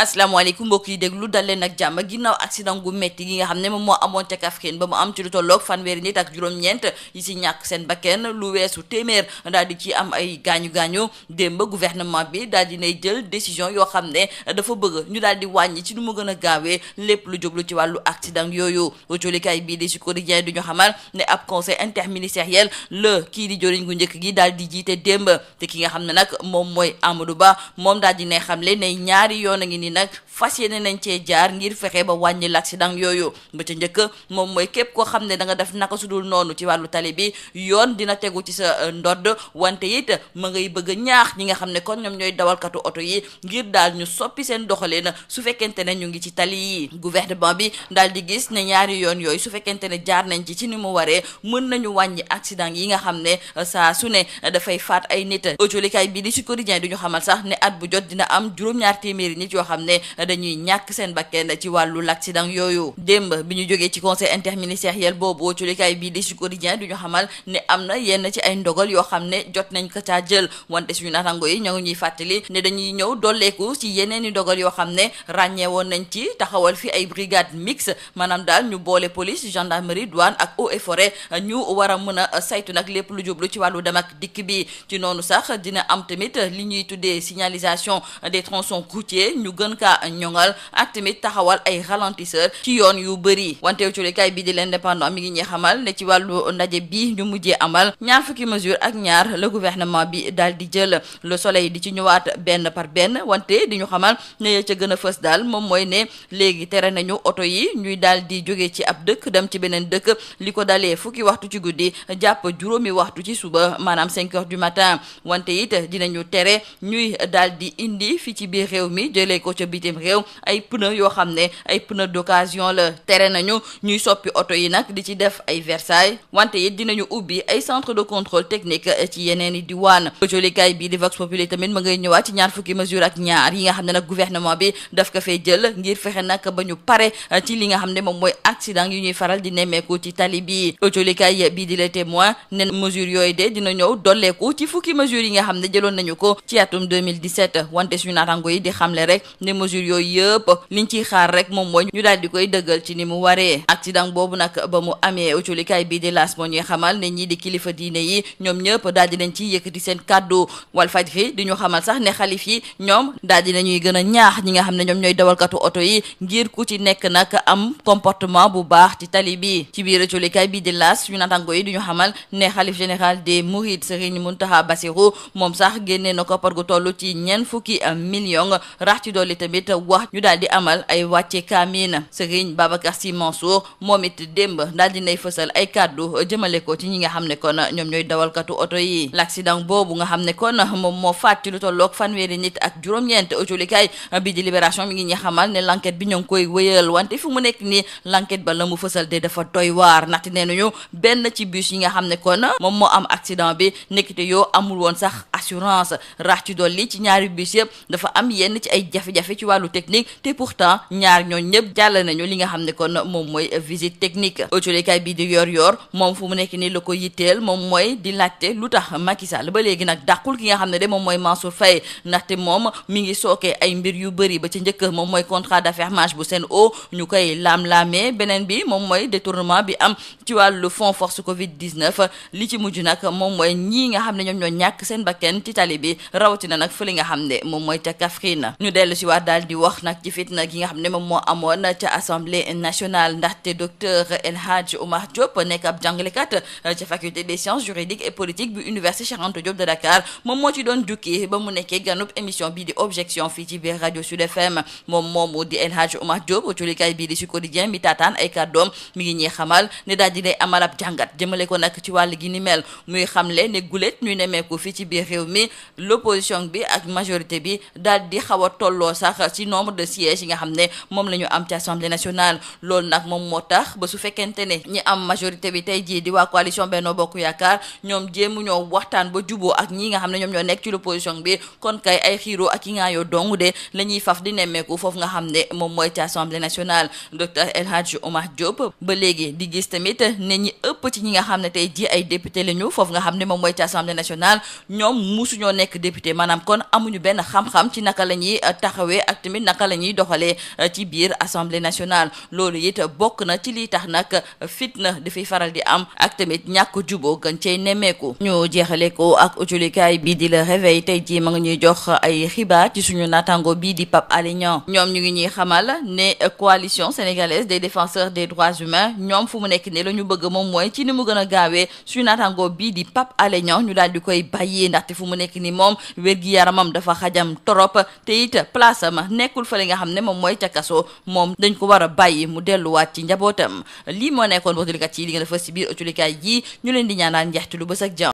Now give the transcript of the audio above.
asalaamaaleykum mbokk yi déglu dal leen ak jàmm ginnaaw accident gu gi nga xam ne moom moo amoon ca Kaffrine ba mu am ci lu tolloog fanweeri nit ak juróom-ñeent si ñàkk seen bakken lu weesu téeméer daal di ci am ay gaañu-gaañu démb gouvernement bi daal di nay jël décision yoo xam ne dafa bëgg ñu daal di wàññi ci nu mu gën a gaawee lépp lu jublu ci wàllu accident yooyu colikaay bii di si quotidien du ñu xamal ne ab conseil interministériel le kii di joriñ gu njëkk gi daal di jiite démb te nga xam ne nag moom mooy Amadou Ba moom daal di ne xamle ne ñaari yoon a ngi ni nii nag fas yéene nañ cee jaar ngir fexe ba wàññi l'accident yooyu ba ca njëkk moom mooy képp koo xam ne da nga def naka su dul noonu ci wàllu tali bi yoon dina tegu ci sa euh, ndodd wante it ma ngay bëgg ñaax ñi nga xam ne kon ñoom ñooy dawalkatu oto yi ngir daal ñu soppi seen doxalin su fekkente ne ñu ngi ci tali yi gouvernement bi daal di gis ne ñaari yoon yooyu su fekkente ne jaar nañ ci ci ni mu waree mën nañu wàññi accident yi nga xam ne euh, saa su ne dafay faat ay nit autolikaay bi di si quotidien du ñu xamal sax ne at bu jot dina am juróom-ñaar téeméeri nit yoo xam xam ne dañuy ñàkk seen bakken ci wàllu l'accident yooyu démb bi ñu jógee ci conseil interministériel boobu culikaay bii di Sud Quotidien du ñu xamal ne am na yenn ci ay ndogal yoo xam ne jot nañ ko caa jël wante suñu natango yi ñoo ngi ñuy fàttali ne dañuy ñëw dolleeku ci yeneen i ndogal yoo xam ne ràññee woon nañ ci taxawal fi ay brigade mixte maanaam daal ñu boole police gendarmerie douane ak eaux et forêt ñu war a mën a saytu nag lépp lu jublu ci wàllu dem ak dikk bi ci noonu sax dina am tamit li ñuy tuddee signalisation des mën kaa ñoŋal ak tamit taxawal ay ralentisseur ci yoon yu bëri wanteew culikaay bii di l'indépendant mi ngi ñuy xamal ne ci wàllu ndaje bi ñu mujjee amal ñaar fukki mesure ak ñaar le gouvernement bi daal di jël le soleil di ci ñëwaat benn par benn wante di ñu xamal ne ca gën a fës daal moom mooy ne léegi tere nañu oto yi ñuy daal di jóge ci ab dëkk dem ci beneen dëkk li ko dalee fukki waxtu ci guddi jàpp juróomi waxtu ci suba maanaam cinq heures du matin it dinañu tere ñuy ca bitim réew ay pneu yoo xam ne ay pneu d'occasion la tere nañu ñuy soppi oto yi nag di ci def ay Versailles wante it dinañu ubbi ay centre de contrôle technique eh, ci yeneen i diwaan jolikaay bii di Vox ma ngay ñëwaat ci ñaar fukki mesure ak ñaar yi nga xam ne nag gouvernement bi daf ko fee jël ngir fexe nag ba ñu eh, li nga xam ne moom mooy accident yu ñuy faral di nemmeeku ci tali bi jolikaay bii di Le Témoin ne mesure yooyu de dina ñëw dolleeku ci fukki mesure yi nga xam ne jëloon nañu ko ci atum wante suñu naatango yi di xamle rek ne mesure yooyu yëpp liñ ciy xaar rek moom mooy ñu daal di koy dëggal ci ni mu waree accident boobu nag ba mu amee autolikaay bii di laas moo ñuy xamal ne ñii di kilifa diine yi ñoom ñëpp daal di nañ ciy yëkkati seen kàddu Walfadjri di ñu xamal sax ne xalif yi ñoom daal di nañuy gën a ñaax ñi nga xam ne ñoom ñooy dawalkatu oto yi ngir ku ci nekk nag am comportement bu baax ci tali bi ci biir autolikaay bii di suñu natango yi di ñu xamal ne xalif général des mourides Serigne Mountakha Bassirou moom sax génnee na koppar gu toll ci ñeent fukki million rax ci dool boole tamit wax ñu daal di amal ay wàcce kaamina Serigne Babacar Sy Mansour moom it démb daal di nay fësal ay kàddu jëmale ko ci ñi nga xam ne kon ñoom ñooy dawalkatu oto yi l'accident boobu nga xam ne kon moom moo faat ci lu tolloog fanweeri nit ak juróom-ñeent autolikaay bi di libération mi ngi ñi xamal ne l'enquête bi ñoo ngi koy wéyal wante fi mu nekk nii l'enquête ba la mu fësal de dafa doy waar ndaxte nee nañu benn ci bus yi nga xam ne kon moom moo am accident bi nekkite yoo amul woon sax assurance rax ci dolli ci ñaari bus yëpp dafa am yenn ci ay jafe-jafe ci wàllu technique te pourtant ñaar ñoo ñëpp jàll nañu li nga xam ne kon moom mooy visite technique autolekaay bii di yor yor moom fu mu nekk nii la ko yitteel moom mooy di laajte lu tax Macky Sall ba léegi nag dàqul ki nga xam ne de moom mooy Mansour Faye ndaxte moom mi ngi sookee ay mbir yu bëri ba ci njëkk moom mooy contrat mage bu seen o ñu koy laam-laamee beneen bi moom mooy détournement bi am ci wàllu fonds force covid 19 li ci mujj nag moom mooy ñii nga xam ne ñoom ñoo ñàkk seen bakken yeneen ci tali bi rawatina nag fële nga xam ne moom mooy ca Kaffrine ñu dellu si waat daal di wax nag ci fitna gi nga xam ne moom moo amoon ca assemblée nationale ndaxte docteur El Hadj Oumar Diop nekk ab jàngalekat ca faculté des sciences juridiques et politiques bu université Cheikh Anta Diop de Dakar moom moo ci doon jukki ba mu nekkee ganub émission bii di objection fii ci biir rajo Sud FM moom moomu di El Hadj Oumar culikaay bii di Sud Quotidien mi taataan ay kàddoom mi ngi ñuy xamal ne daal di lay amal ab jàngat jëmale ko nag ci wàll gi ni mel muy xamle ne gulet ñuy nemmeeku fii ci biir réew mi l'opposition bi ak majorité bi daal di xaw a tolloo sax ci nombre de sièges yi nga xam ne moom la ñu am ci assemblée nationale loolu nag moom moo tax ba su fekkente ne ñi am majorité bi tey jii di waa coalition Benno Bokk Yaakaar ñoom jéemu ñoo waxtaan ba juboo ak ñi nga xam ne ñoom ñoo nekk ci bi kon kay ay ak yi nga yoo dong ñuy faf di nemmeeku foofu nga xam ne moom mooy ci assemblée nationale docteur El Hadj Omar Diop ba léegi di gis tamit ne ñi ëpp ci ñi nga xam ne tey jii ay député la ñu foofu nga xam ne moom mooy ci assemblée nationale ñoom musuñoo nekk député maanaam kon amuñu benn xam-xam ci naka la ñuy euh, taxawee ak tamit naka la ñuy doxalee euh, ci biir assemblée nationale loolu it bokk na ci lii tax nag euh, fitna dafay faral di am ak tamit ñàkk juboo gën cey nemmeeku. ñu jeexale ko ak utilikaay bii di la réveil tey jii ma ngi ñuy jox ay xibaar ci suñu naataango bii di Pape Alé Niang ñoom ñu ngi ñuy xamal ne coalition sénégalaise des défenseurs des droits humains ñoom fu mu nekk ne la ñu bëgg moom mooy ci ni mu gën a gaawee fu mu nekk ni moom wér-gi-yaramam dafa xajam torop te it place nekkul fa li nga xam ne moom mooy ca kaso moom dañ ko war a bàyyi mu delluwaat ci njabootam lii moo nekkoon waxtulikat yi li nga dafa si biir ëcculikaay yi ñu leen di ñaanaan njeexti lu bës ak jàmm